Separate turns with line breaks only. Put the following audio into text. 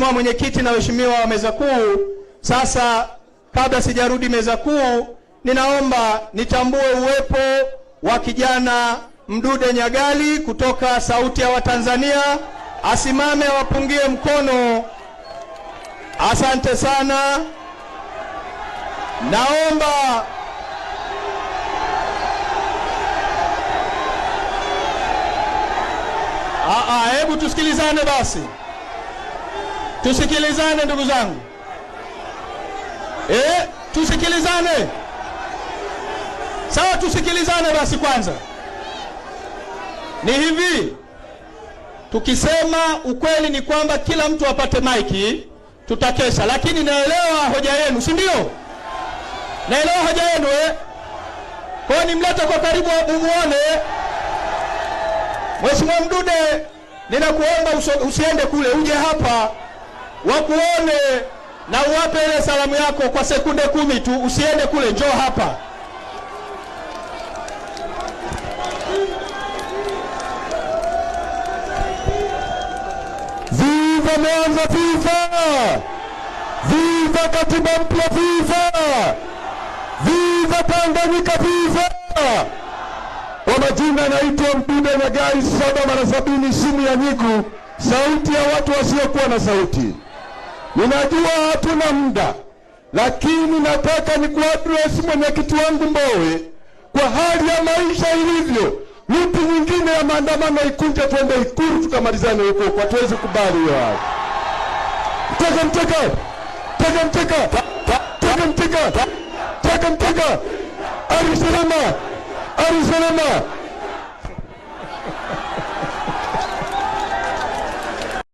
Mheshimiwa Mwenyekiti na waheshimiwa wa meza kuu, sasa kabla sijarudi meza kuu, ninaomba nitambue uwepo wa kijana Mdude Nyagali kutoka Sauti ya Watanzania, asimame awapungie mkono. Asante sana. Naomba hebu tusikilizane basi. Tusikilizane ndugu zangu eh, tusikilizane sawa, tusikilizane basi. Kwanza ni hivi, tukisema ukweli ni kwamba kila mtu apate maiki, tutakesha, lakini naelewa hoja yenu, si ndio? Naelewa hoja yenu eh? Kwa hiyo nimlete kwa karibu mumuone. Mheshimiwa Mdude, ninakuomba usiende kule, uje hapa wakuone na uwape ile salamu yako kwa sekunde kumi tu, usiende kule, njoo hapa. Viva Mwanza, viva! Viva katiba mpya, viva! Viva Tanganyika, viva! Kwa majina naitwa Mdude Nyagali Saba mara sabini, simu ya Nyigu, sauti ya watu wasiokuwa na sauti. Ninajua hatuna muda, lakini nataka nikuadresi mwenyekiti wangu Mbowe kwa hali ya maisha ilivyo. Miti nyingine ya maandamano ikunje, twende Ikulu tukamalizane huko kwa hatuwezi kubali hiyo hali. Mtaka mtaka mtaka mtaka mtaka mtaka mtaka mtaka, Alisalama Alisalama.